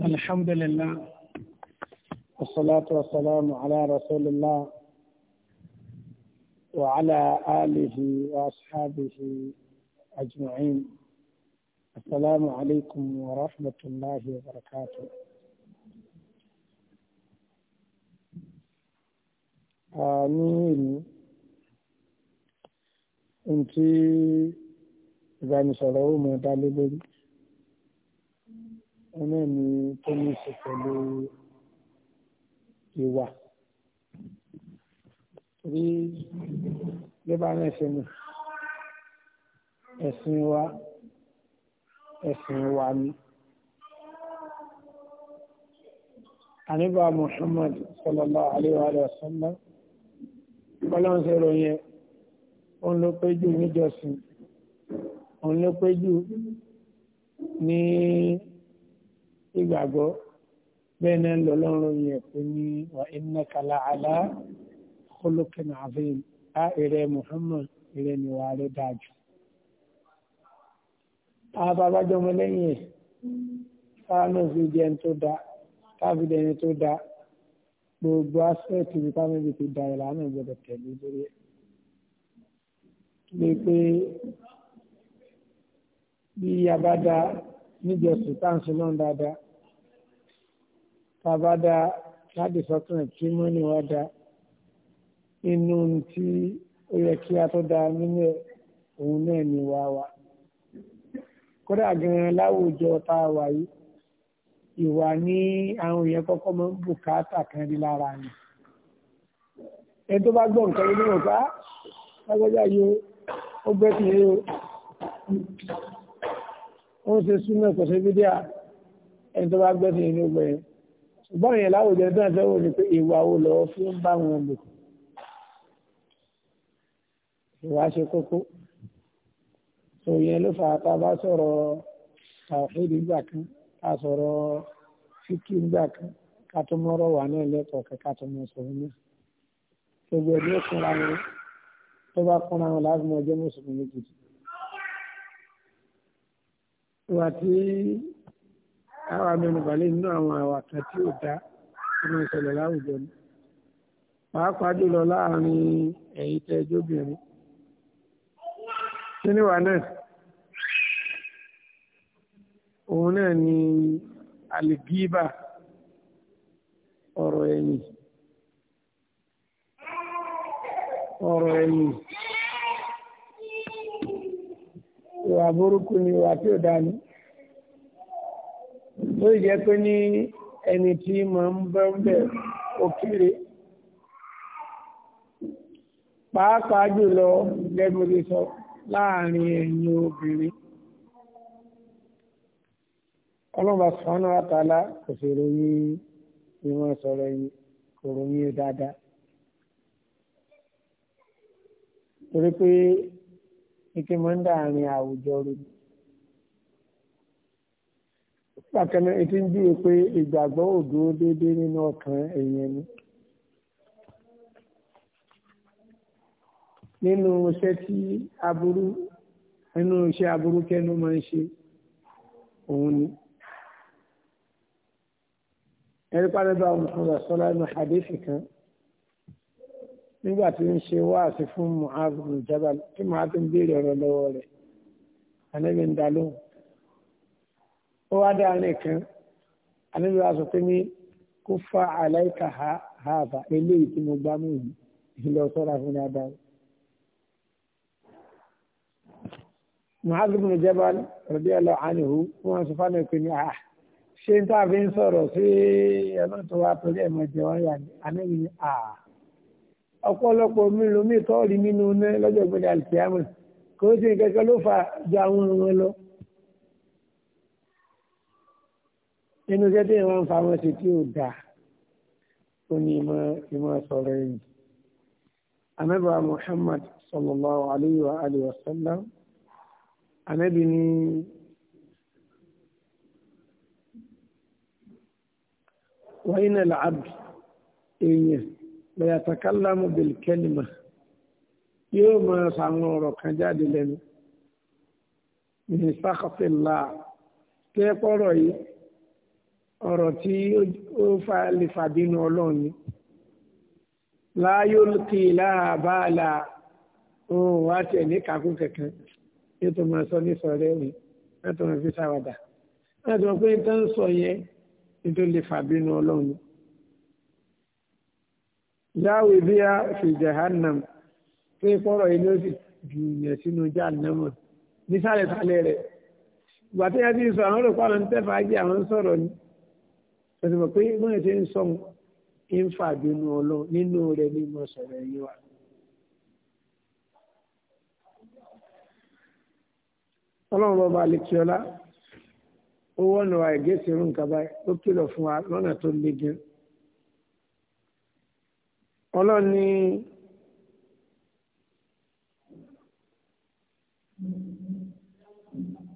الحمد لله والصلاة والسلام على رسول الله وعلى آله وأصحابه أجمعين السلام عليكم ورحمة الله وبركاته آمين أنت إذا نشروا من ẹ̀nà ni tó ní ṣe pẹ̀lú ìwà rí lébà náà ṣe nù ẹ̀sìn wa ẹ̀sìn wa ni. Àníbà Muhammad sallallahu alaihi wa sallam bọ́lọ́n ṣe ròyìn òun ló pé jù níjọsìn òun ló pé ní. Ni ìgbàgbọ́ bẹ́ẹ̀ náà lọ́lọ́run yẹ pé ní wà innaka la'ala khuluqin azim á ìrẹ́ Muhammad ìrẹ́ ni wà rẹ̀ dájú. àbábájọ́ ọmọ lẹ́yìn ẹ̀ sáà náà fi jẹ́ tó da táàbí dẹni tó da gbogbo aspect ibi táwọn ibi ti da ìlànà ìgbọ́dọ̀ tẹ̀lé lórí ẹ̀. lè pé bí a da níjọsìn táǹsì náà dáadáa tàbá da láti sọ́kàn tí mo ní wá da inú tí ó yẹ kí a tó da nínú òun náà ni wá wa kódà gan-an láwùjọ tá a wà yìí ìwà ní àwọn èèyàn kọ́kọ́ máa bùkátà kan rí lára ni ẹni tó bá gbọ́ nǹkan nínú ọ̀pá ah, lágbájá yìí ó gbẹ́sìn yìí ó ń ṣe súnmọ́ ìkọ̀ṣẹ́ fídíà ẹni tó bá gbẹ́sìn yìí ló gbẹ̀yìn ṣùgbọ́n yẹn láwùjọ tó ń fẹ́ wò ni pé ìwà wo lọ fi ń bá wọn lò ìwà ṣe kókó tó yẹn ló fà tá a bá sọ̀rọ̀ tàwọ́fẹ́dì gbà kan ká sọ̀rọ̀ fíkì gbà kan ká tó mọ́rọ̀ wà náà lẹ́kọ̀ọ́ kan tó mọ́ sọ̀rọ̀ náà gbogbo ẹgbẹ́ kúnra wọn tó bá kúnra wọn láti mọ ọjọ́ mùsùlùmí gidi. ìwà tí àwọn amẹnubalẹ̀ nínú àwọn àwàkà tí ò dá ọmọ ìṣẹ̀lẹ̀ láwùjọ ni pàápàá jùlọ láàrin ẹ̀yin tẹ́jọ́bìnrin kí ni wà náà òun náà ni àlìgíbà ọ̀rọ̀ ẹ̀yìn ọ̀rọ̀ ẹ̀yìn ìwà burúkú ni ìwà tí ò dá ni ló jẹ́ pé ní ẹni tí mọ̀ ń bẹ́ ń bẹ̀ ó kéré pàápàá jùlọ gẹ́gbẹ́ ti sọ láàrin ẹ̀yin obìnrin ọlọ́mọba sọ́nà àtàlà kò sì ròyìn ìwọ̀n sọ̀rọ̀ yìí kò ròyìn dáadáa torí pé ike máa ń dàárín àwùjọ rẹ̀ bákan náà etí ń júwe pé ìgbàgbọ́ òdúró déédéé nínú ọkàn èèyàn ni. nínú iṣẹ́ tí aburú nínú iṣẹ́ aburú kẹ́nu máa ń ṣe òun ni. ẹni pàdébà ọmọkùnrin àsọlá inú hadithi kan nígbà tí ń ṣe wáàsí fún muhammed jabal tí muhammed ń béèrè ọ̀rọ̀ lọ́wọ́ rẹ̀ anábìndalóhùn ó wá dá àárín kan àníbi wa sọ pé ní kó fa àláìka haaba eléyìí tí mo gbá mú yìí ìlọ sọ́ra fún dáadáa. Mu'adh ibn Jabal radiyallahu anhu wọ́n sọ fún ẹ̀kọ́ ní àá ah, ṣé n táàbí ń sọ̀rọ̀ sí ẹ̀rọ tó wá torí ẹ̀ mọ̀ jẹ̀wọ́n yà ní ànáyìn ní àá. Ah, ọ̀pọ̀lọpọ̀ mélòó mi tọ́ọ̀rì nínú iná lọ́jọ́ ìgbẹ́ni àlùkìyàmù kò sí nǹkan kan ló fa ju àwọn ọmọ lọ. nínú iṣẹ́ tí wọ́n ń fa wọn ṣe tí ò dáa ó ní ìmọ̀ sọ̀rọ̀ ẹ̀yìn anábà Muhammad sallallahu alayhi wa alihi wa sallam anábì ní wa inna al-abd èèyàn la yatakallamu bil kalima yóò máa sàwọn ọ̀rọ̀ kan jáde lẹ́nu min sakhatillah kẹ́ẹ̀kọ́rọ̀ yìí ọ̀rọ̀ tí ó lè fàbínú ọlọ́run ni láyé olùkí láàbàlà òun wá tiẹ̀ ní kàkún kankan yóò tó máa sọ ní sọ̀rẹ́ mi wọ́n tó máa fi sáwàdà wọ́n tó máa pé tó ń sọ yẹn nítorí lè fàbínú ọlọ́run ni. yáwé bí a fi jahannam pé kọ́rọ̀ yìí ló sì ju sínú jahannam nísàlẹ̀ sàlẹ̀ rẹ̀ ìgbà tó yẹ ti sọ àwọn olùkọ́ àwọn tẹ́fà jẹ́ àwọn sọ̀rọ̀ ni tọ́sí mọ̀ pé mọ́ ẹ̀ ṣe ń sọ ń fà bínú ọlọ́run nínú rẹ̀ ní mọ̀ sọ̀rọ̀ ẹ̀yìn wa. ọlọ́run bọ́ bá lẹ́kíọ́lá ó wọ́nà wa ìgẹ́sì irú nǹkan ó kìlọ̀ fún wa lọ́nà tó le gan. ọlọ́run ní.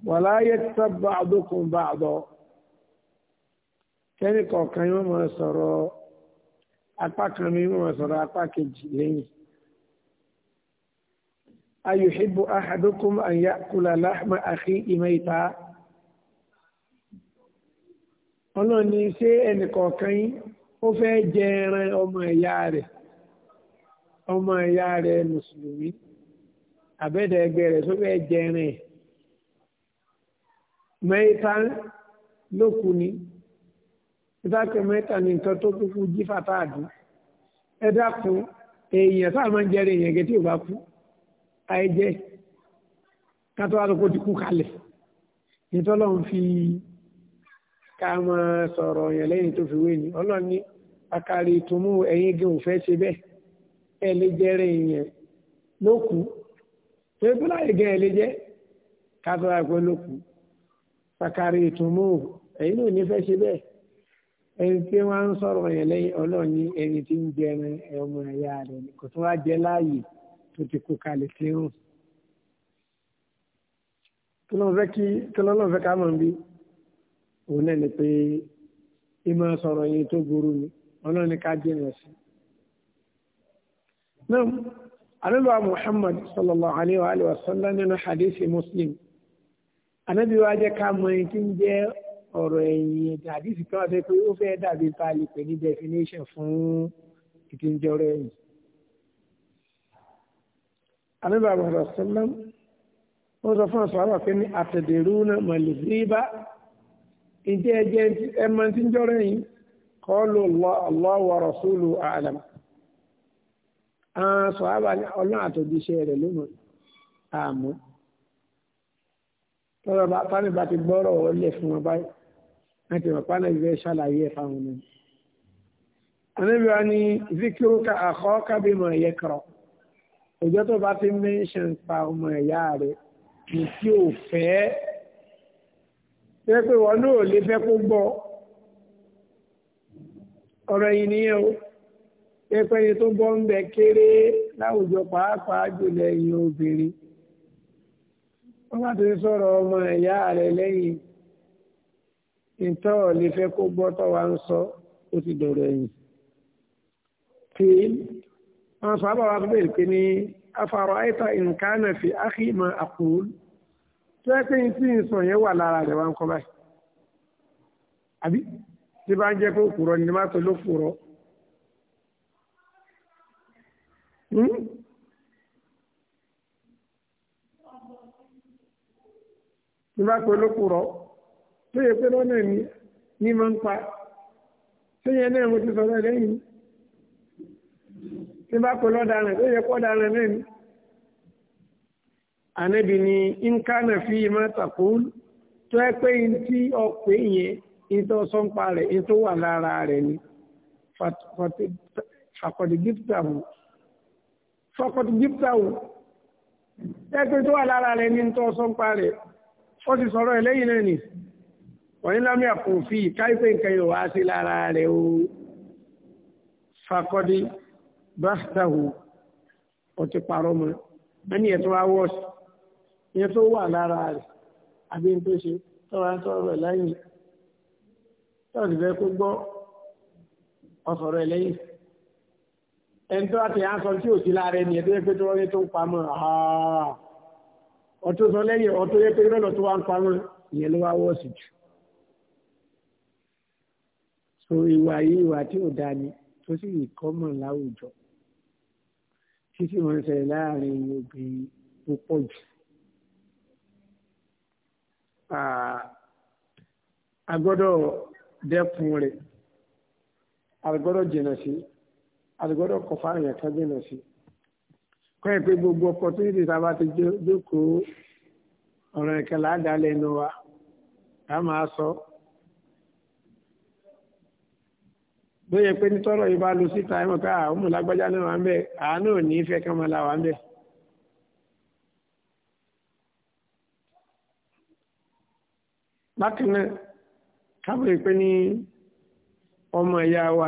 wàláyé tábà àdókùn bá àdọ́ tẹ́lẹ̀ kọ̀ọ̀kan yóò máa sọ̀rọ̀ apá kan mi yóò máa sọ̀rọ̀ apá kejì lẹ́yìn. ayuhibbu ahadukum an ya'kula lahma akhihi mayta. ọlọ́run ní ṣé ẹnìkọ̀ọ̀kan yín ó fẹ́ jẹ ẹran ọmọ ẹ̀yà rẹ̀ ọmọ ẹ̀yà rẹ̀ mùsùlùmí àbẹ́dẹ̀ ẹgbẹ́ rẹ̀ tó fẹ́ jẹ ẹ̀ mẹ́ta lókù ni ìtàkì mẹ́ta ní nǹkan tó kúkú jí fàtàdù ẹ dákun èèyàn sáà máa ń jẹ́rìí èèyàn gẹ́tí ò bá kú àìjẹ́ kátó àtòkò ti kú kalẹ̀ nítọ́lọ́ ń fi ká máa sọ̀rọ̀ yẹn lẹ́yìn tó fi wé ni ọlọ́run ní akari ìtumú ẹ̀yìn gẹ̀ òfẹ́ ṣe bẹ́ẹ̀ ẹ lè jẹ́rìí èèyàn ló kú pé bíláyè gẹ̀ ẹ lè jẹ́ kátó àtòkò ló kú akari ìtumú ẹ̀yìn náà ní fẹ́ ṣe bẹ́ẹ̀ ẹni tí wọ́n ń sọ̀rọ̀ yẹn lẹ́yìn ọlọ́run ní ẹni tí ń jẹ ọmọ ẹ̀yà rẹ̀ kò tún wá jẹ láàyè tó ti kú kalẹ̀ sí rùn. kí lọ́lọ́run bí òun náà ni pé ìmọ̀ sọ̀rọ̀ yẹn tó burú ni ọlọ́run ká jìnà sí. náà àlọ́lọ́ Muhammad sallallahu alayhi wa sallam nínú hadith Muslim anábìwájẹ́ ká mọ̀ ẹni tí ń ọ̀rọ̀ ẹ̀yìn àdìsí kan fẹ́ pé ó fẹ́ dàbí ta lè pè ní definition fún ìtìjọrọ ẹ̀yìn. àníbà àbọ̀dọ̀ sọ́lám ó sọ fún ọ̀sán àbà pé ní àtẹ̀dẹ̀rú náà mọ̀lẹ́síbá ìdí ẹjẹ́ ẹmọ tí ń jọrọ ẹ̀yìn kọ́ ló lọ Allahu rasúlù àlàm. àwọn sọ àbà ọlọ́run àtòjíṣẹ́ rẹ̀ lónà àmọ́ tọ́lọ́ bá tánìbà ti gbọ́rọ̀ wọlé fún wọn báyìí àti ìwàpálẹ̀ ìfẹ́ ṣàlàyé ẹ̀ fáwọn ọmọ. Àníbi wa ni Zikiruka àkọ́ kábímọ̀ ẹ̀yẹ kọ̀rọ̀. Ọjọ́ tó bá ti mẹ́ńṣàn pa ọmọ ẹ̀yà rẹ̀ kì tí ò fẹ́. Ṣé pé wọn náà lè fẹ́ kó gbọ́? Ọ̀rọ̀ yìí nìyẹn o. Ṣé pé ẹni tó bọ́ ń bẹ kéré láwùjọ pàápàá jùlọ ẹ̀yin obìnrin? Wọ́n bá ti sọ̀rọ̀ ọmọ ẹ̀yà rẹ̀ lẹ́yìn ìtọ́ lè fẹ́ kó gbọ́ tọ́ wa ń sọ ó ti dọ̀rọ̀ ẹ̀yìn tí wọn sábà wá bẹ̀rẹ̀ pé ní afárọ̀ àìta ìǹkanà fi ákìmọ̀ àkùn tó yẹ pé tí ń sọ yẹn wà lára rẹ̀ wá ń kọ́ báyìí àbí tí bá ń jẹ́ pé òkúrọ̀ ni má tó ló kúrọ̀ hmm? tí bá tó ló tó yẹ pé lọ́nà ní ní máa ń pa tó yẹ náà mo ti sọ̀rọ̀ lẹ́yìn tí bá kó lọ́daràn tó yẹ kọ́ daràn náà ni. ànábì ni nkánà fi máa tàkùn tó yẹ pé ntí ọ̀pẹ̀ yẹn ntọ́ sọ́npa rẹ̀ ntọ́ wà lára rẹ̀ ni fàkọ̀dìgìtàwù fàkọ̀dìgìtàwù yẹ pé tó wà lára rẹ̀ ni ntọ́ sọ́npa rẹ̀ ó ti sọ̀rọ̀ ẹ̀ lẹ́yìn náà ni wọ́n lámì àkùnfì káìpé nǹkan yóò wá sí lára rẹ̀ o fakọ́dí báṣtáwò ó ti parọ́ mọ́ ẹni ẹ̀tọ́ wá wọ́ọ̀sì ìyẹn tó wà lára rẹ̀ àbí n tó ṣe tọ́wọ́ ń sọ̀rọ̀ lẹ́yìn tọ́wọ́ ti fẹ́ kó gbọ́ ọ̀sọ̀rọ̀ lẹ́yìn ẹni tó àti àǹsọ̀ tí ò sí lára ẹni ẹ̀tọ́ yẹ pé tó wọ́n tó ń pamọ́ ọ̀tún sọ lẹ́yìn ọ̀tún yẹ pé rọ́lọ̀ tó wá ń pamọ́ ìyẹn ló wá wọ́ọ̀sì jù so ìwà yìí ìwà tí ò dáa ni tó sì kọ́mọ̀ láwùjọ títí wọn ń ṣẹlẹ̀ láàrin obìnrin tó pọ̀ jù a gbọ́dọ̀ dẹ́kun rẹ̀ a gbọ́dọ̀ jìnnà sí a gbọ́dọ̀ kọ̀ fáwọn èèyàn kan jìnnà sí kọ́ ẹ̀ pé gbogbo ọkọ̀ tó yìí sábà ti jókòó ọ̀rọ̀ ìkẹlẹ̀ àdá lẹ́nu wa a máa sọ. So. bó yẹ pé nítọ́rọ̀ yìí bá lu síta ẹ̀mọ́ ká àwọn ah, ọmọlágbájá náà wà ń bẹ̀ àánú ò ní í fẹ́ kán máa la wà ń bẹ̀. bákan náà kábòrò pé ní ọmọ ìyá wa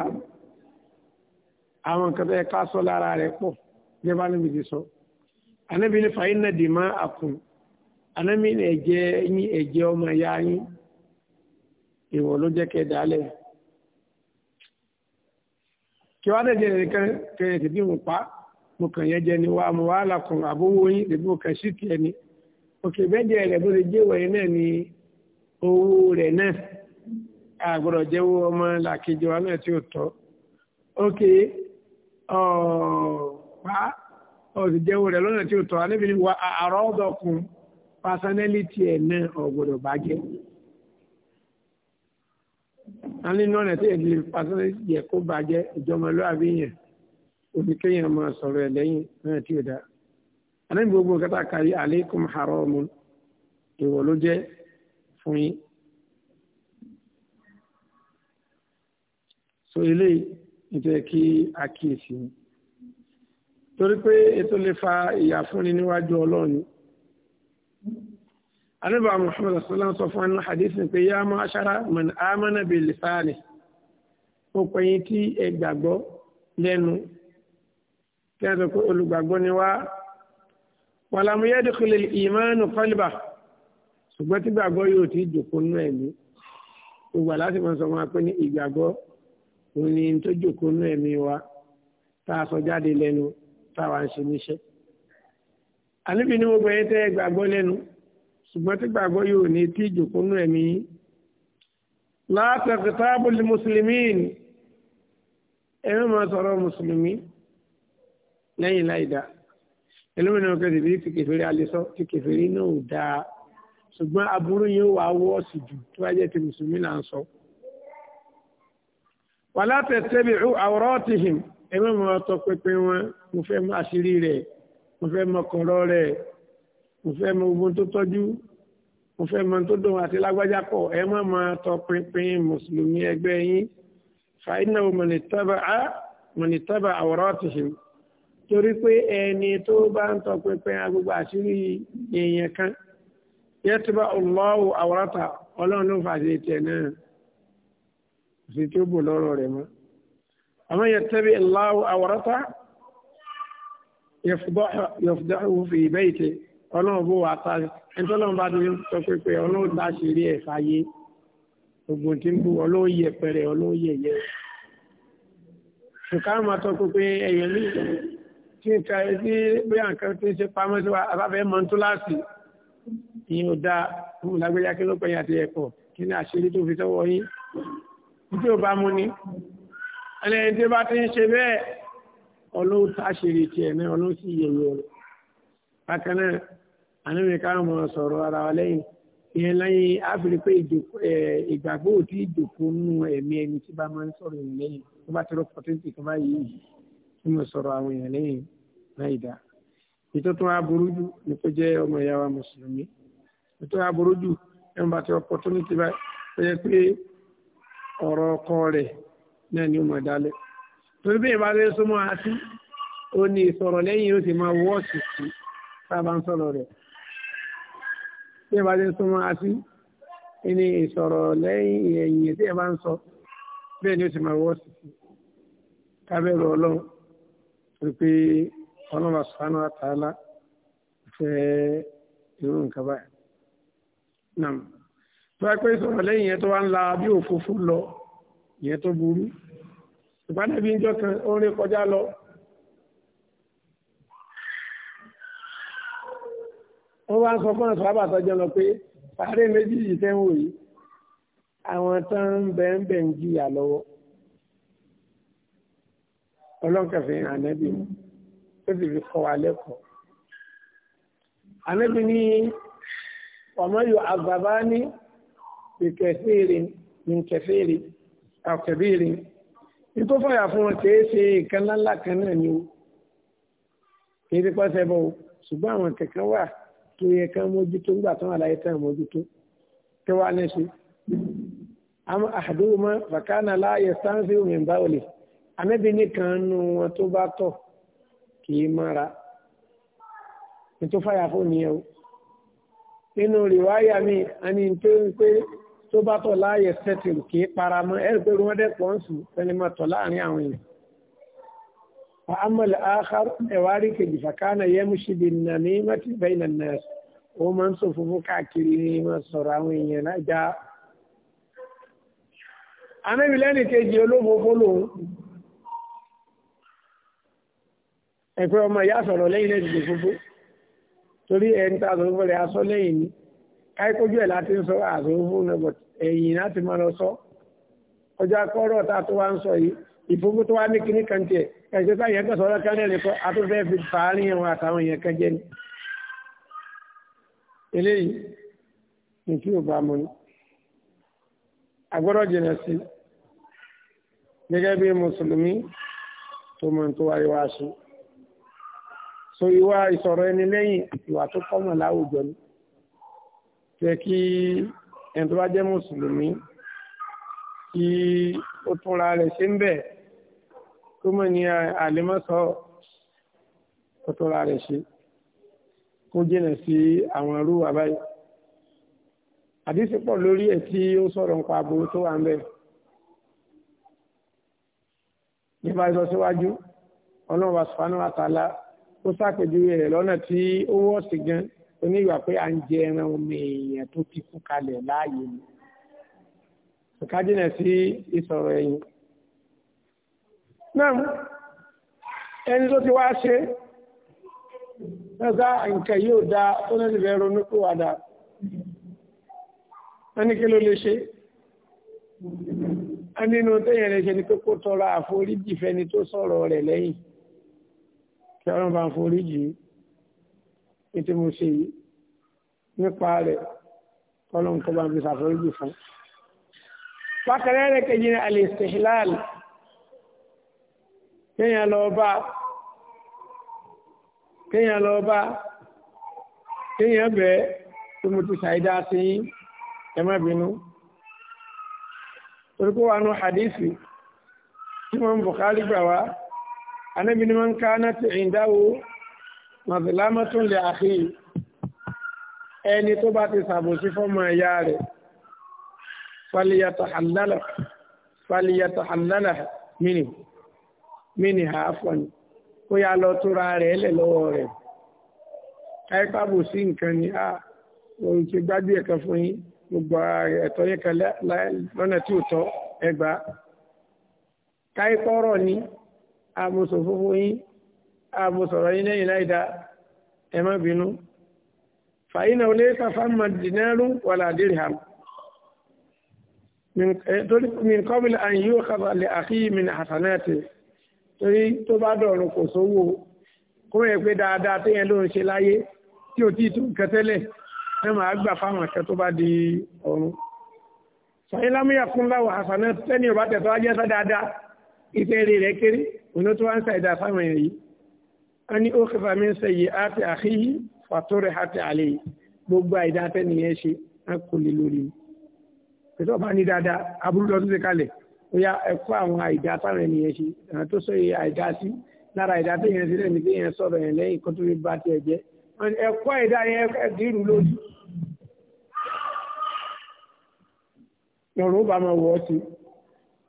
àwọn nǹkan tó yẹ ká sọ lára rẹ̀ pọ̀ jẹ́ bá níbi ti sọ. ànábi ní fàyín náà dì má àkùn ànábi ní ẹ̀jẹ̀ ẹ̀jẹ̀ ọmọ ìyá yín ìwọ̀ ló jẹ́ kẹ́ dálẹ̀ kí wàá dẹ̀jẹ̀ nìkan kẹyìn tìbí mo pa mo kàn yẹn jẹ ni wa mo wàá làkùn àbówó yín tìbí mo kàn sí tiẹ̀ ni òkè bẹ́jẹ̀ rẹ̀ bó ṣe jẹ́ ìwọ̀nyí náà ni owó rẹ̀ náà àgbọ̀dọ̀ jẹ́wọ́ ọmọ làkejì wa náà tí ó tọ́ òkè pa ọ̀sì jẹ́wọ́ rẹ̀ lọ́nà tí ó tọ́ alẹ́bìnrin wa àrọ́ ọ̀dọ̀kùn personality ẹ̀ náà ọ̀gbọ̀dọ̀ bàjẹ́ a nínú ọ̀nà tí èdè pàṣẹ yẹ kó bàjẹ́ ìjọmọlúwàbí yẹn òbí kéèyàn máa sọ̀rọ̀ ẹ̀ lẹ́yìn náà tí ò dáa. àdéhùn gbogbo kátà kárí aleikum haramun ìwọ ló jẹ́ fún yín. so eléyìí nítorí kí a kíyèsí torí pé ètò lè fa ìyà níwájú ọlọ́run anábà muhammad sallam sọ fún anú hadithi pé yá máa ṣára man amana bil lisani ó pẹ̀yìn tí ẹ gbàgbọ́ lẹ́nu kí a sọ pé olùgbàgbọ́ ni wá wàlámù yadkhulul ìmánu qalba ṣùgbọ́n tí gbàgbọ́ yóò ti jòkó nú ẹ̀mí gbogbo aláṣẹ máa sọ wọn pé ní ìgbàgbọ́ òun ni tó jòkó nú ẹ̀mí wa tá a sọ jáde lẹ́nu táwa ń ṣe níṣẹ́ àníbi ní gbogbo ẹ̀yẹ tẹ́ gbàgbọ́ lẹ́nu ṣùgbọ́n tí gbàgbọ́ yóò ní tí ìjòkónú ẹ̀mí látàkì tábùlì mùsùlùmí ẹ̀mí máa sọ̀rọ̀ mùsùlùmí lẹ́yìn láìda ẹlẹ́mìnà ọ̀kẹ́ tìbí ti kẹfẹ́rí alẹ́sọ́ ti kẹfẹ́rí náà ò dáa ṣùgbọ́n aburú yóò wá wọ́ sí jù tó bá jẹ́ ti mùsùlùmí là ń sọ. wà látẹ̀tẹ̀bì àwòrán tìhìn ẹ̀mí máa tọ pẹpẹ wọn mo fẹ́ mọ mo fẹ́ mọ ogun tó tọ́jú mo fẹ́ mọ tó dùn àti lágbájá pọ̀ ẹ má máa tọ pinpin mùsùlùmí ẹgbẹ́ yín fàínà mọ̀nìtàbà àwòrán tìṣin torí pé ẹni tó bá ń tọ pinpin agbègbè àṣírí èèyàn kan yẹtùbà Allahu àwòrán ta ọlọ́run ló fàṣẹ náà bò lọ́rọ̀ rẹ̀ mọ́ àmọ́ àwòrán ta fi ọlọ́run bó wà sáré ẹni tó lọ́run bá dúró sọ pé pé ọlọ́run dá ṣe rí ẹ̀ fàyè ògùn tí ń bú ọlọ́run yẹ pẹrẹ ọlọ́run yẹ yẹ. ṣùkárùn máa tọ́ pé ẹ̀yẹ ní tí ń ka ẹ sí bí àǹkan tí ń ṣe pamọ́ sí wa abáfẹ́ mọ́ tó láti ìyẹn ò dáa fún ìlágbéyà kí ló pẹ́ yàtọ̀ ẹ̀kọ́ kí ni àṣírí tó fi sọ́wọ́ yín tí ò bá mú ni ẹni tí bá ti ń ṣe bẹ́ẹ̀ ọlọ́run táṣírí tiẹ̀ náà ọlọ́run sì yẹ̀yẹ̀ rẹ̀ bákan náà àníbi káàmù sọ̀rọ̀ ara wa lẹ́yìn ìyẹn lẹ́yìn áfírí pé ìgbàgbọ́ òtí ìjòkó nínú ẹ̀mí ẹni tí bá máa ń sọ̀rọ̀ èèyàn lẹ́yìn tó bá ti pọ̀tẹ́ǹtì kan báyìí tí mo sọ̀rọ̀ àwọn èèyàn lẹ́yìn láì dá ìtọ́tún aburú jù ni kó jẹ́ ọmọ ìyá wa mùsùlùmí ìtọ́tún aburú jù ẹ̀ ń bá ti opportunity bá pé ọ̀rọ̀ ọkọ rẹ̀ náà ni ó mọ̀ dálẹ̀ torí bí ìbálẹ̀ sọmọ àti ó ní ìsọ̀rọ̀ bí ẹ bá ti ń súnmọ́ así ní ìsọ̀rọ̀ lẹ́yìn ìyẹ̀yìn tí ẹ bá ń sọ bẹ́ẹ̀ ni ó sì máa wọ́ sí i kábẹ́rù ọlọ́run pé ọlọ́run àṣàánú àtàlá fẹ́ irú nǹkan báyìí. Nàm tó wá pé ìsọ̀rọ̀ lẹ́yìn yẹn tó wá ń la bí òfófó lọ ìyẹn tó burú. Ìpàdé bí ń jọ kan ó ń rí kọjá lọ. wọ́n wá ń sọ fún àṣọ àbàtọ́jọ́ lọ pé sáré méjì yìí tẹ́wọ̀n yìí àwọn tán ń bẹ̀ ń bẹ̀ ń jìyà lọ́wọ́ ọlọ́kẹ̀fẹ́ ànẹ́bí ó sì fi kọ́ wa lẹ́kọ̀ọ́ ànẹ́bí ní ọmọ yóò àgbàbá ní ìkẹfẹ́rì ìkẹfẹ́rì àkẹbẹ́rì ní tó fọyà fún wọn kìí ṣe ìkan ńláńlá kan náà ni ó kìí ti pọ́ sẹ́bọ̀ ṣùgbọ́n àwọn kẹ̀kẹ́ wà tó yẹ ká mójútó nígbà tó wà láyé tán mójútó tó wà ní ṣe. àmọ́ àdúgbò mọ́ bàkánà láàyè sáńsì òmìn bá òlè àmẹ́bí nìkan nu wọn tó bá tọ̀ kì í mọ́ra ní tó fàyà fún nìyẹn o. nínú rìwáyà mi àní tó ń pé tó bá tọ̀ láàyè sẹ́tì kì í para mọ́ ẹ̀rù pé wọ́n dẹ̀ ń sùn fẹ́ni máa tọ̀ láàrin àwọn èèyàn. وأما الآخر إواري كجفا كان يمشي بالنميمة بين الناس ó máa ń ṣòfófó káàkiri ní máa sọ̀rọ̀ àwọn èèyàn lájà. ọmọ ìyá sọ̀rọ̀ lẹ́yìn lẹ́yìn òfófó torí ẹni tá a sọ rẹ̀ aṣọ lẹ́yìn ni káíkójú ẹ̀ sọ àṣòfófó náà bọ̀ ẹ̀yìn láti máa lọ sọ tó wá ń sọ yìí tó wá ní eléyìí ní tí ò bá mu ni agbọ́dọ̀ jìnà sí gẹ́gẹ́ bí mùsùlùmí tó mọ̀ tó wáyé wá sí so ìwà ìsọ̀rọ̀ ẹni lẹ́yìn ìwà tó kọ́mọ̀ láwùjọ ni jẹ́ kí ẹni tó bá jẹ́ mùsùlùmí kí ó túnra rẹ̀ ṣe ń bẹ̀ tó mọ̀ ní àlẹ́mọ́sọ ó túnra rẹ̀ ṣe kó jìnà sí àwọn irú àbáyé àdìsí pọ̀ lórí ẹ̀ tí ó sọ̀rọ̀ nípa aburú tó wà ń bẹ̀ nípa ìsọsíwájú ọlọ́run wa sùfánù àtàlà ó ṣàpèjúwe rẹ̀ lọ́nà tí ó wọ́ sí gan oníwà pé à ń jẹ ẹran omi èèyàn tó ti kú kalẹ̀ láàyè ni ìkájínà sí ìsọ̀rọ̀ ẹ̀yìn náà ẹni tó ti wá ṣe lọ́gbà nǹkan yóò da ó lọ́sì fẹ́ ronú kó wà dáa wọ́n ní kí ló lè ṣe a nínú téèyàn lè ṣe ni pé kó tọrọ àforíjì fẹ́ni tó sọ̀rọ̀ rẹ̀ lẹ́yìn kí ọlọ́run bá ń ní tí mo ṣe yìí nípa rẹ̀ kọ́lọ́n kó bá ń fi ṣàforíjì fún. bákan rẹ̀ kejì ní al-istihlal kéèyàn kéèyàn lọ bá kéèyàn bẹ́ẹ̀ tó mo ti ṣàìdá sí ẹ má bínú torí kó wà nù hadisi tí mo ń Bukhari gbà wá anábì ni man kanat indahu mazlamatun li akhihi ẹni tó bá ti ṣàbòsí fọ́mọ ẹ̀yà rẹ̀ falyatahallala falyatahallala mini mini ha afọ ni kó yá lọ tóra rẹ̀ lẹ̀ lọ́wọ́ rẹ̀ káípábù sí nǹkan ni a ah, ohun ti gbájú ẹ̀kan fún yín gbogbo ẹ̀tọ́ yẹn kan lọ́nà tí ò tọ́ ẹgbàá káípọ́rọ̀ ni àmùsò ah, fúnfún yín àmùsọ̀rọ̀ ah, yín lẹ́yìn láìda ẹ má bínú fàyínà olè sàfà màdínàrú wàlà dirham min kọ́bìlì àyíwò kàbàlì àkíyí min hasanati torí tó bá dọ̀rùn kò sówó kó yẹ pé dáadáa téèyàn ló ń ṣe láyé tí ò tí ì tó nǹkan tẹ́lẹ̀ ẹ máa gbà fáwọn akẹ́ tó bá di ọ̀run. sàyẹ́lámúyà fún láwọ̀ àṣànà tẹ́ni ọba tẹ̀tọ́ ajẹ́ sá dáadáa ìfẹ́ rẹ̀ rẹ̀ kéré òun tó wá ń ṣàìdá fáwọn èèyàn yìí. a ní ó kẹfà mi ń ṣe yìí á ti àkí fàtó rẹ̀ á ti àlè gbogbo àìdá tẹ́ni yẹn ṣe á kò lè lórí. pẹ̀tọ́ bá ní dáadáa aburú lọ sí kalẹ̀ bóyá ẹ̀kọ́ àwọn àìdá táwọn ènìyàn ṣe àwọn tó sọ yìí àìdá sí lára àìdá tó yẹn sílẹ̀ ní kéèyàn sọ̀rọ̀ yẹn lẹ́yìn kó tó fi bá tiẹ̀ jẹ́ ẹ̀kọ́ àìdá yẹn dìrú lójú. lọ́rùn ó bá máa wọ̀ ọ́ sí i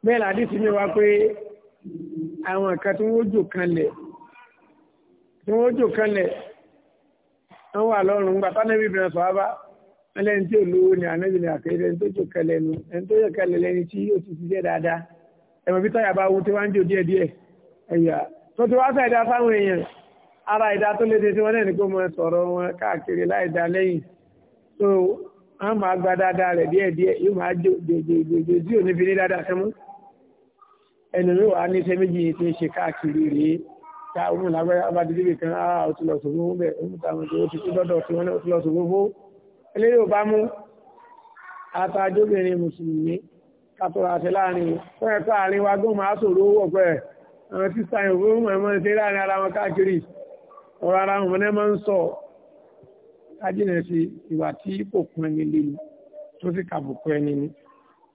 bẹ́ẹ̀ làdí sí mi wá pé àwọn kan tí wọ́n jò kanlẹ̀ tí wọ́n jò kanlẹ̀ wọ́n wà lọ́rùn gbàtánẹ́bí bìnrin sọ̀rọ̀ ẹlẹ́ni tí olówó ni ànábì ni àkẹ́rẹ́ ẹni tó jò kẹlẹ̀ nu ẹni tó jò kẹlẹ̀ lẹ́ni tí yóò ti ṣiṣẹ́ dáadáa ẹ̀mọ̀ bí táyà bá wo tí wọ́n ń jò díẹ̀ díẹ̀ ẹ̀yà tó ti wá sá ìdá fáwọn èèyàn ara ìdá tó lé tètè wọn náà ni kó mọ sọ̀rọ̀ wọn káàkiri láì dá lẹ́yìn so wọ́n máa gba dáadáa rẹ̀ díẹ̀ díẹ̀ yóò máa jò jòjòjò tí ò ní fi ní dáadáa sẹ́mú ẹnu mi wàá ní iṣẹ́ méjì tí ń ṣe káàkiri rèé táwọn ọmọ làgbáyà bá dídí bìkan eléyìí ò bá mú àtàjóbìnrin mùsùlùmí kàtọ̀rọ̀ àti láàrin fún ẹ̀kọ́ àárín wa gómà á sòrò owó ọ̀pẹ́ àwọn sísá ìwòrán ẹ̀mọ́ ìṣe láàrin ara wọn káàkiri ọ̀rọ̀ ara wọn mọ́ ń sọ kájínà sí ìwà tí kò kún ẹni lè ní tó sì kàbùkù ẹni ní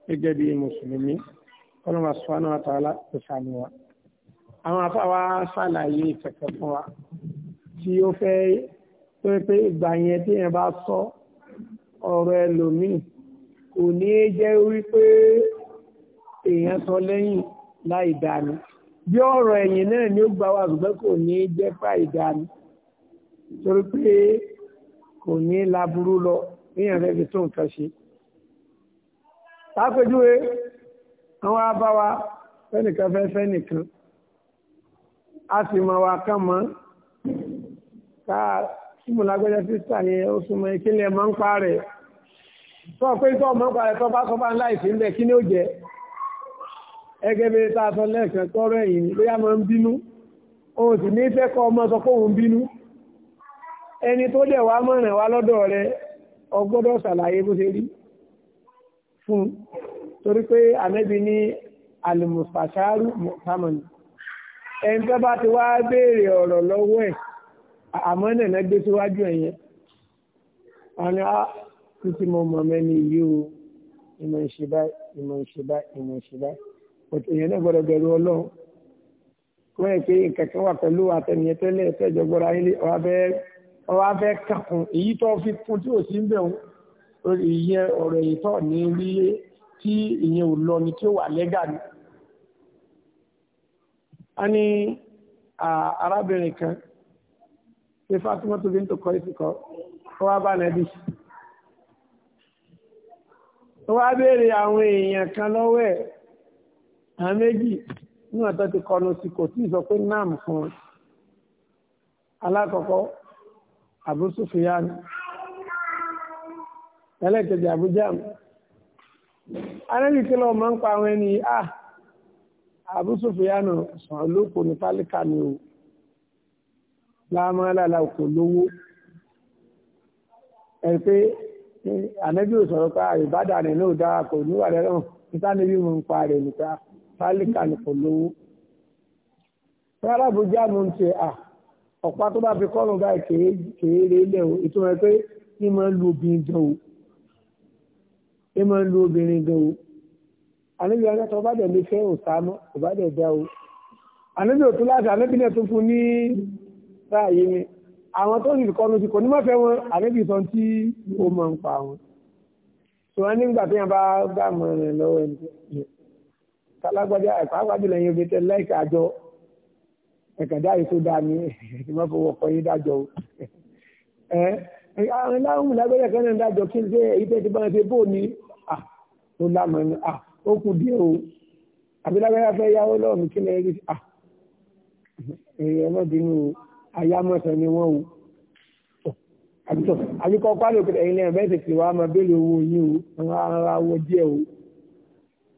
gẹ́gẹ́ bí mùsùlùmí ọlọ́mà sọ́nà àtàlá kò sàmì wa. àwọn afáwa ṣàlàyé ìfẹ̀kẹ̀ fún wa tí ó fẹ́ pé ìgbà yẹn tí yẹn bá sọ ọ̀rọ̀ ẹlòmíì kò ní í jẹ́ wípé èèyàn sọ lẹ́yìn láì dání bí ọ̀rọ̀ ẹ̀yìn náà ni ó gbà wá ṣùgbọ́n kò ní í jẹ́ fáì dání torí pé kò ní í laburú lọ níyàn rẹ̀ fi tó nǹkan ṣe. lápèjúwe àwọn abáwa fẹ́nìkan fẹ́ fẹ́nìkan a sì mọ̀ wá kán mọ́ ká súnmọ́ lágbẹ́jẹ́ sísà yẹn ó súnmọ́ ìkílẹ̀ máa ń pa rẹ̀ sọ pé tó ọmọ nípa ẹ̀tọ́ bá sọ bá ń láìsí ń bẹ kí ni ó jẹ ẹgẹ́ bí tá a sọ lẹ́ẹ̀kan tọ́rọ ẹ̀yìn bóyá máa ń bínú òun sì ní fẹ́ kọ́ ọmọ sọ pé òun bínú ẹni tó dẹ̀ wá mọ̀ràn wá lọ́dọ̀ rẹ o gbọ́dọ̀ ṣàlàyé bó ṣe rí fún torí pé ànẹ́bí ní alimusasharu muhammed ẹni tó bá ti wá béèrè ọ̀rọ̀ lọ́wọ́ ẹ̀ àmọ́ náà gbé síwájú ẹ̀yẹn ah, títí mo mọ mẹ́ni yìí o ìmọ̀ ìṣe báyìí ìmọ̀ ìṣe báyìí ìmọ̀ ìṣe báyìí òtò èèyàn náà gbọ́dọ̀ bẹ̀rù ọlọ́run wọ́n yẹ pé kẹ̀kẹ́ wà pẹ̀lú àtẹnìyẹn tẹ́lẹ̀ tẹ́jọ gbọ́dọ̀ ayé ọwọ́ abẹ́ kàkùn èyí tó fi kún tí ò sí ń bẹ̀ wọn ìyẹn ọ̀rọ̀ èyí tó ní rí tí ìyẹn ò lọ ni tí ó wà lẹ́gà ni. a ní arábìnrin kan ṣe Fatima tó fi ń tó kọ́ ìsìnkọ́ fọwọ́ bá nàbí ó wá béèrè àwọn èèyàn kan lọ́wọ́ ẹ̀ àwọn méjì níwọ̀n tó ti kọnu sí kò tí ì sọ pé nam fún un alákọ̀ọ́kọ́ Abu Sufyan ẹlẹ́kẹ̀jẹ̀ Abu Jahm anẹ́bìkí lọ máa ń pa àwọn ẹni à ah, Abu Sufyan sàn lóko ní pálíkà ni o láàmú aláàlá kò lówó ẹ pé ànábì ò sọ̀rọ̀ pé àyùbádà rẹ̀ náà dára kò níwà rẹ̀ náà níta níbi mo ń pa rẹ̀ níta pálíkà ní kò lówó. arábùjá mo ń ṣe à ọ̀pá tó bá fi kọ́rùn báyìí kèére lẹ̀ o ìtumọ̀ pé ní mo ń lu obìnrin gan o ní mo ń lu obìnrin gan o ànábì ọ̀gá tó bá dẹ̀ lè fẹ́ òsámọ́ kò bá dẹ̀ dá o ànábì òtún láti ànábì náà tó fún ní ráàyè mi àwọn tó yìí kọ́nu ti kò ní mọ́fẹ́ wọn àbẹ́bí sọ tí ó mọ̀ ń pa wọn tí wọ́n nígbà tí wọ́n bá gbà mọ́ rẹ̀ lọ́wọ́ ẹni tálágbájá ìpàápàájú lẹ́yìn omi tẹ láìka àjọ ẹ̀kàdá yìí tó dáa ní ìmọ̀fọwọ́ kọ́ yín dájọ́ ẹ àwọn láwọn lágbẹ́jẹ̀ kan náà dájọ́ kí n ṣe èyí tẹ́ ti bá wọn ṣe bó ní à ah, ó lámọ̀ ní ah, o àbí lágbẹ́já fẹ́ yáwó lọ́wọ́ mi kí lẹ́yìn ah, à àyámọ̀sán ni wọ́n o àbíkọ́ àbíkọ́ pálí òkè ẹ̀yìn lẹ́yìn bẹ́ẹ̀ tètè wá máa bẹ́ẹ̀ owó yín o àwọn ará wọ díẹ̀ o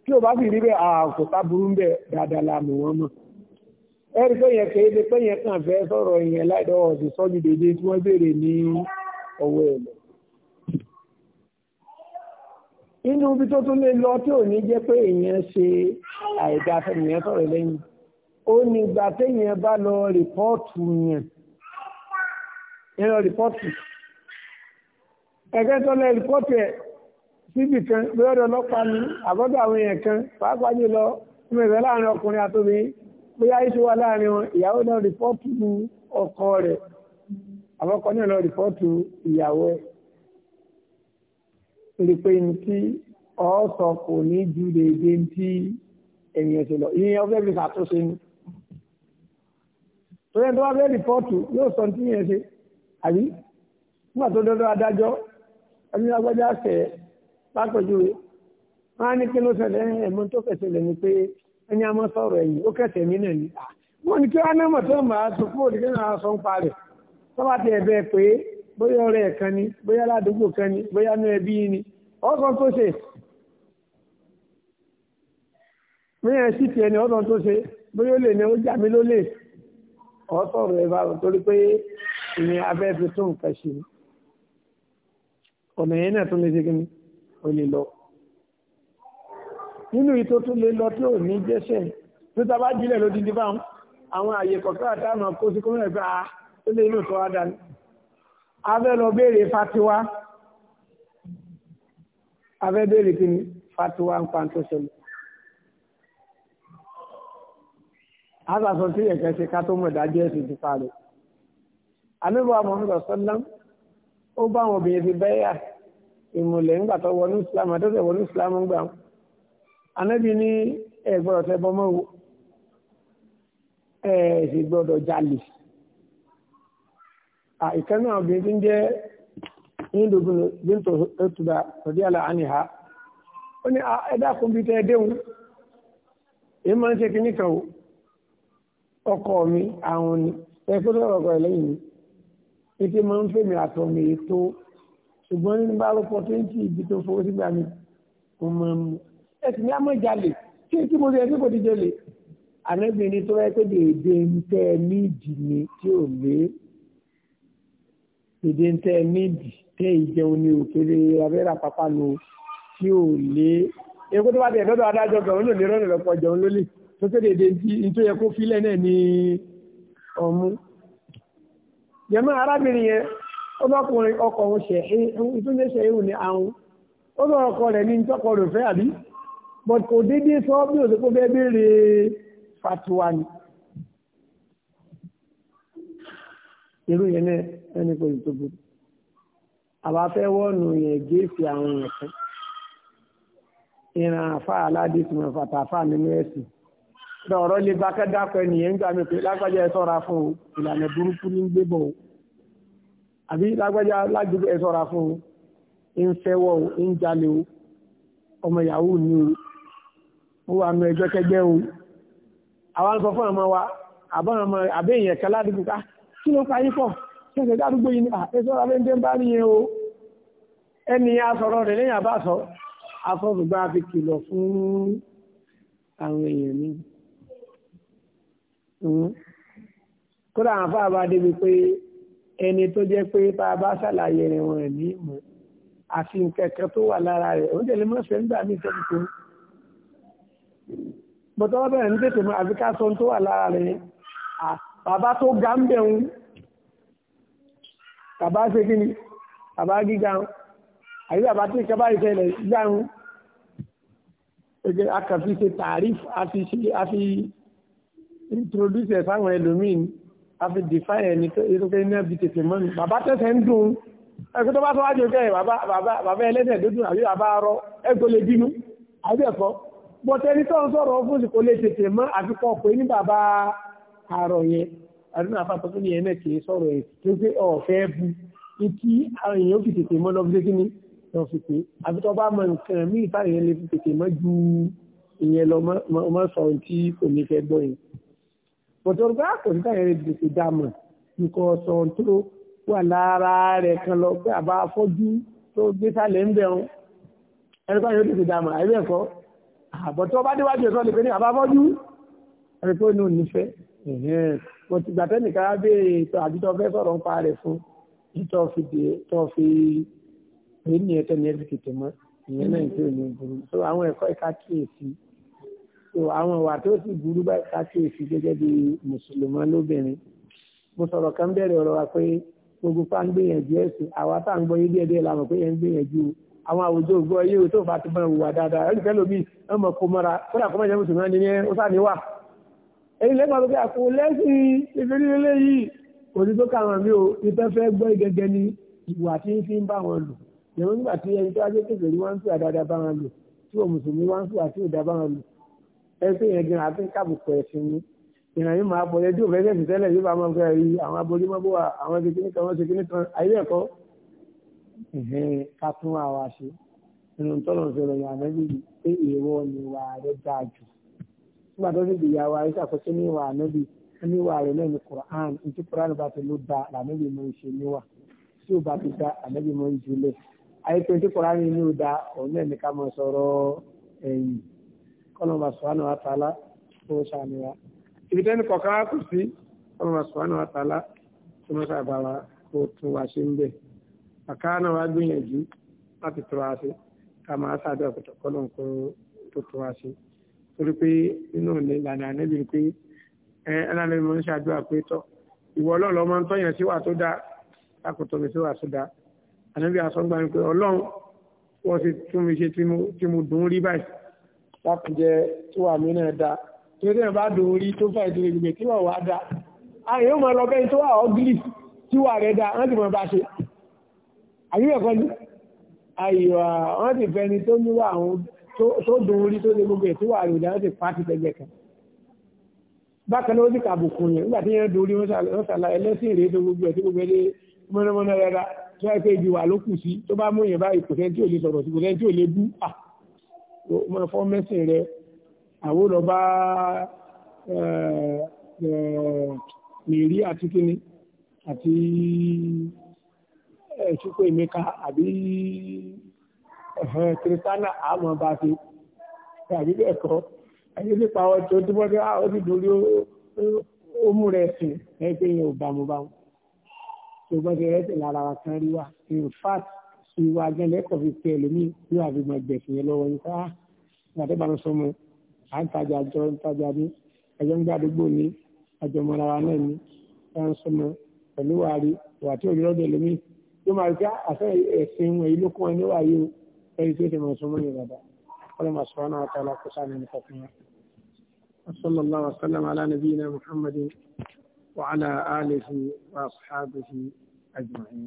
tí o bá sì rí bẹ́ẹ̀ àkó táburú ń bẹ̀ dáadáa la mọ̀ wọ́n mọ̀ ẹ̀rí pé yẹn kéé de pé yẹn kàn fẹ́ sọ̀rọ̀ yẹn láìdọ́wọ́ sí sọ́jú dédé tí wọ́n béèrè ní ọwọ́ ẹ̀ lọ. inú ibi tó tún lè lọ tí ò ní jẹ́ pé èèyàn ṣe àìdáfẹ́ nìyẹn sọ̀rọ̀ lẹ́yìn ó ní ìgbà téèyàn bá lọ rìpọ́ọ̀tù yẹn ìran rìpọ́ọ̀tù ẹ̀kẹ́ tó lẹ rìpọ́ọ̀tù ẹ̀ síbì kan bí ọ̀dọ̀ ọlọ́pàá ní àbọ́dọ̀ àwọn èèyàn kan pàápàá jùlọ ọmọ ìfẹ́ láàrin ọkùnrin àtòbìnrin bóyá iṣu wà láàrin wọn ìyàwó náà rìpọ́ọ̀tù ọkọ rẹ̀ àbọ́kọ náà lọ rìpọ́ọ̀tù ìyàwó ẹ̀ rí pé ní tí ọ̀ọ́sọ kò ní ju déédéé ní tí ènìyàn ṣe lọ ìyẹn ọ̀fẹ́ fi ṣàtúnṣe ni torí ẹni tó bá fẹ́ rìpọ́ọ̀tù yóò sọ tí yẹn ṣe àbí nígbà tó dọ́dọ́ adájọ́ ẹni agbájá ṣẹ̀ lápẹ̀júwe wọ́n á ní kí ló ṣẹlẹ̀ ẹ̀mọ́ tó fẹ̀sẹ̀ lẹ̀ ni pé ẹni a máa sọ̀rọ̀ ẹ̀yìn ó kẹsẹ̀ mí náà ni wọ́n ní kí wọ́n á náà mọ̀ tó máa tó kúrò ní kí wọ́n á sọ ń parẹ̀ tó bá ti ẹ̀bẹ̀ pé bóyá ọ̀rẹ́ ẹ̀ kan ni bóyá ládùúgbò kan ni bóyá ní ẹbí ni ọ̀sán tó ṣe bóyá ẹ̀ sì tiẹ̀ ni ọ̀sán tó ṣe bóyá ó lè ní ó jà mí lólè ọ sọ̀rọ̀ ẹ bá wọn torí pé ìní abẹ́ fi tún nǹkan ṣe ọ̀nà yẹn náà tún lè ṣe kíni ó lè lọ. nínú ìtò tún lè lọ tí ò ní jẹ́sẹ̀ tó ta bá jílẹ̀ ló dídí báwọn àwọn àyè kọ̀ọ̀kan àtàwọn kó sí kọ́mọ̀rẹ́ pé a ah, ó lè inú tó wá àtàsọ sí ẹ̀kẹ́ ṣe ká tó mọ̀ dájú ẹ̀sìn ti parí. àníbọ̀ àmọ́fíìsọ̀ sọ́lám ó bá àwọn obìnrin ti bẹ́yà ìmùlẹ̀ ńgbà tó wọnú islam àtọ́tẹ̀ wọnú islam gbà wọn. ànábì ní ẹ gbọ́dọ̀ tẹ bọ́ mọ́wó ẹ sì gbọ́dọ̀ jalè. ìkànnì àwọn obìnrin ti ń jẹ́ hindu bintu otuba rọ̀díàlà àníhà ó ní ẹ̀dá kùnbí tẹ́ ẹ déhùn èyí ọkọ mi àwọn ni ẹ̀kọ́ tó rọ̀kọ̀ ẹ̀lẹ́yìn mi ètè máa ń fèmí àtọ̀ mi ètò ṣùgbọ́n nínú bá rọ́pọ̀ tó ń tí ibi tó fowó sígbà mi mo máa ń mu ẹ̀sìn ní amọ̀jalè tí tí mo rí ẹ̀sìn kò ti jẹlè ànábìnrin tó wáyé pé dèdè ń tẹ níìdì ni tí ò lé dèdè ń tẹ níìdì tẹ ìjẹun ní òkèlè abẹ́rẹ́ àpapàlò tí ò lé èkó tó bá tẹ̀ lọ́dọ̀ adájọ́ gan ó lè lè rọ́ọ̀nù lọ́pọ̀ jẹun lólè tó kéde èdè tó yẹ kó filẹ̀ náà ni ọmú jẹ́mọ́ arábìnrin yẹn ọlọ́kùnrin ọkọ òun ṣẹ̀hí ìtúnjẹ́ ṣẹ̀hí ní àwọn ó lọ ọkọ rẹ̀ but kò dédé sọ ni irú yẹn náà ẹni kò tó burú àbá fẹ́ wọ́ọ̀nù yẹn géèsì àwọn èèyàn kan ìran àfa aládé tí wọ́n fàtàfà nínú ẹ̀sìn náà ọ̀rọ̀ lè bá kẹ́dàpọ̀ ènìyàn ń gbà mí pé lágbájá ẹ ṣọ́ra fún o ìlànà burúkú ní gbé bọ̀ o àbí lágbájá lágbájá ẹ ṣọ́ra fún o ń fẹ́wọ́ o ń jalè o ọmọ yahoo ni o ó wà nù ẹjọ́ kẹgbẹ́ o àwa ń sọ fún ọmọ wa àbọ̀ ọmọ àbẹ́ èèyàn kan ládùúgbò ká kí ló ń parí pọ̀ ṣẹ̀ṣẹ̀ dádúgbò yìí ni ah, ẹ ṣọ́ra fẹ́ ń dé ń bá nìyẹn o ẹni asọ̀rọ̀ àwọn èèyàn níbi. Hmm. kódà àwọn afáàbá débi pé ẹni tó jẹ́ pé bá a bá ṣàlàyé rẹ̀ wọ̀n ní ìmọ̀ àfi nkẹ̀kẹ́ tó wà lára rẹ̀ ó dẹ̀lé mọ́sẹ̀ nígbà mí sẹ́ni tó bọ́tọ́ wọ́n bẹ̀rẹ̀ ní tètè mọ́ àfi ká sọ tó wà lára rẹ̀ bàbá tó ga ń bẹ̀ ń bàbá ṣe kí ni bàbá gíga ń àyè bàbá tí ìkẹ́ bá ìṣẹ̀lẹ̀ gbà ń akàfi ṣe tààrí àfi introduce ẹ̀ fáwọn ẹlòmíì ni a fi defy ẹni tó kẹ́ ní ẹbí tètè mọ́ ni bàbá tẹ̀sẹ̀ ń dùn ẹ̀kọ́ tó bá tó wájú kẹ́ bàbá ẹlẹ́sẹ̀ dúdú àbí bàbá arọ ẹ̀kọ́ lè bínú àbí ẹ̀kọ́ bọ́tẹ́ni tó ń sọ̀rọ̀ fún ìsìnkò lè tètè mọ́ àfikọ́ pé ní bàbá àrọ̀ yẹn àdúrà àpapọ̀ tó ní ẹ̀mẹ́ kì í sọ̀rọ̀ ẹ̀ tó pé ọ̀fẹ́ bu ní kí àwọn èèyàn fi tètè mọ́ lọ́bí kí ni lọ́ fi pé àbí tó bá mọ nǹkan míì táwọn èèyàn lè fi tètè mọ́ ìyẹn lọ bọ̀dọ̀ ọ̀rọ̀ bá kò ní káyọ̀ rẹ̀ gbèsè dàmọ̀ nǹkan ọ̀sán tó wà lára rẹ̀ kan lọ pé àbá afọ́jú tó gbé sálẹ̀ ń bẹ̀rún ẹni káyọ̀ gbèsè dàmọ̀ àìrí ẹ̀kọ́ àbọ̀tọ́ bá déwájú ẹ̀kọ́ lè pe ní àbá afọ́jú ẹni tó ní onífẹ́ mo ti gbàtẹ́ nìkan á béèrè tó àbí tó fẹ́ sọ̀rọ̀ ń pa rẹ̀ fún tó fi dé tó fi èyí so àwọn ìwà tó sì burú bá ṣàkíyèsí gẹ́gẹ́ bí mùsùlùmọ́ lóbìnrin mo sọ̀rọ̀ kan bẹ̀rẹ̀ ọ̀rọ̀ wa pé gbogbo pa ń gbìyànjú ẹ̀sìn àwa tá à ń gbọ́ yé díẹ̀ díẹ̀ la mọ̀ pé yẹn ń gbìyànjú àwọn àwùjọ ògbọ́ yé o tó bá ti máa wùwà dáadáa ẹ̀rí fẹ́ lómi ọmọ kò mọ́ra kódà kó má mùsùlùmọ́ ni ní ó sá ní wà. èyí lẹ́gbàá tó kí àpò lẹ́sìn ìfẹ́lélẹ́ yìí kò ní tó káwọn mi ò ìfẹ́ fẹ́ gbọ́ gẹ́gẹ́ ni ìwà tí ń fi ń bá wọn lò yẹ̀wọ́n nígbà tí ẹni tó wá kékeré wá ń fìyà dáadáa bá wọn lò tí òmùsùlùmí wá ń fìyà tí ò bá wọn lò ẹgbẹ́ yẹn gan àti kábùkù ẹ̀sìn ni ìrìn yìí máa bọ̀ lẹ́jọ́ òfẹ́ tẹ̀sí tẹ́lẹ̀ yóò bá máa fẹ́ rí àwọn aborímọ́bó wa àwọn ṣe kíní kan wọ́n ṣe kíní kan ayé ẹ̀kọ́ ká tún àwa ṣe tọ́lọ̀ ń sọ̀rọ̀ pé ìwọ ni wà rẹ̀ dáa jù nígbà tó ní ìwà rẹ̀ ní bá ti ló da níwà tí kọ́nọ̀bà sùhánù àtàlá tó ṣàánú wa ibi tẹ́ni kọ̀ọ̀kan á kù sí kọ́nọ̀bà sùhánù àtàlá tó mọ́ta àbára kó tún wá ṣe ń bẹ̀ àká náà wá gbìyànjú láti tó wá sí ká máa ṣàdúrà pẹ̀tọ̀ kọ́nọ̀ kó tó tó wá sí torí pé inú òní ìlànà ànẹ́bí ni pé ẹ ẹlẹ́ni mo ń ṣàdúrà pé ìwọ ọlọ́run lọ́mọ ń tọ́yàn sí wà tó dáa lákòótọ́ mi sí wà tó dáa ànẹ́bí asọ́gbà ni pé ọlọ́run wọ́n ti tún mi ṣe tí mo dùn rí báyìí láti jẹ tí wà mí náà dá tí ó tẹ́yìn bá dùn orí tó fẹ́ ìdílé gbogbo tí wọ́n wá dá àyè ó máa lọ bẹ́ẹ̀ tó wà ọ́gìlì tí wà rẹ̀ dá wọ́n ti mọ̀ bá ṣe àyíwẹ̀ kọ́ ni àyíwà wọ́n ti fẹ́ ni tó níwà àwọn tó dùn orí tó lè gbogbo tí wà rẹ̀ dá wọ́n ti pa ti tẹ́gbẹ̀ kan bákan náà ó ti kàbùkù yẹn nígbà tí yẹn dùn orí wọ́n máa fọ́ mẹ́sìn rẹ àwọn lọ bá mèrí àti kíni àti ṣùkọ́ ìmẹ́ka àbí kìrìtánà àmọ́ bá ṣe àbí bẹ́ẹ̀ kọ́ ẹni nípa ọjọ́ tí wọ́n ti á ó sì dórí ó mú rẹ̀ sìn ẹ yẹn ò bámu bámu ṣùgbọ́n ti rẹ̀ sìn lára wa kan rí wa in fact ìwà agbẹ́lẹ̀ kọ̀ fi pẹ́ ẹlòmíì yóò àfi mọ gbẹ̀sìn yẹn lọ́wọ́ yìí káà ah, ní àdébànú sọmọ à ń tajà àjọ ń tajà ní ẹjọ́ ń gbàdúgbò ní àjọmọ́ra wa náà ní ẹ̀ ń sọmọ pẹ̀lú wàárí wà tí òyìnbó dẹ̀ lómi yóò máa gbá ah, àfẹ́ ẹ̀sìn wọn èyí ló kún ẹ níwà yìí o ẹ̀yìn tí ó ti mọ̀ sọ mọ́ ìrọ̀dà ọlọ́ máa وسلم على نبينا محمد وعلى آله وأصحابه أجمعين